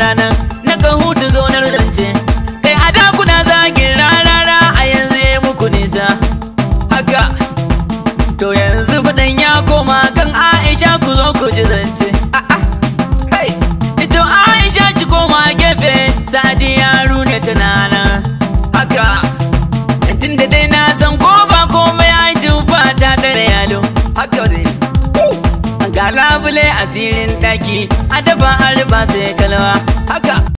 rana na kan hutu zaunar zance kai a da dakuna zagin rarara a yanzu ya muku nisa haka to yanzu faɗan ya koma kan aisha ku zo ku ji zance ito aisha ci koma gefe sa'adi ya rune tunana haka tun da dai ga labule asirin taki adaba har ba kalwa haka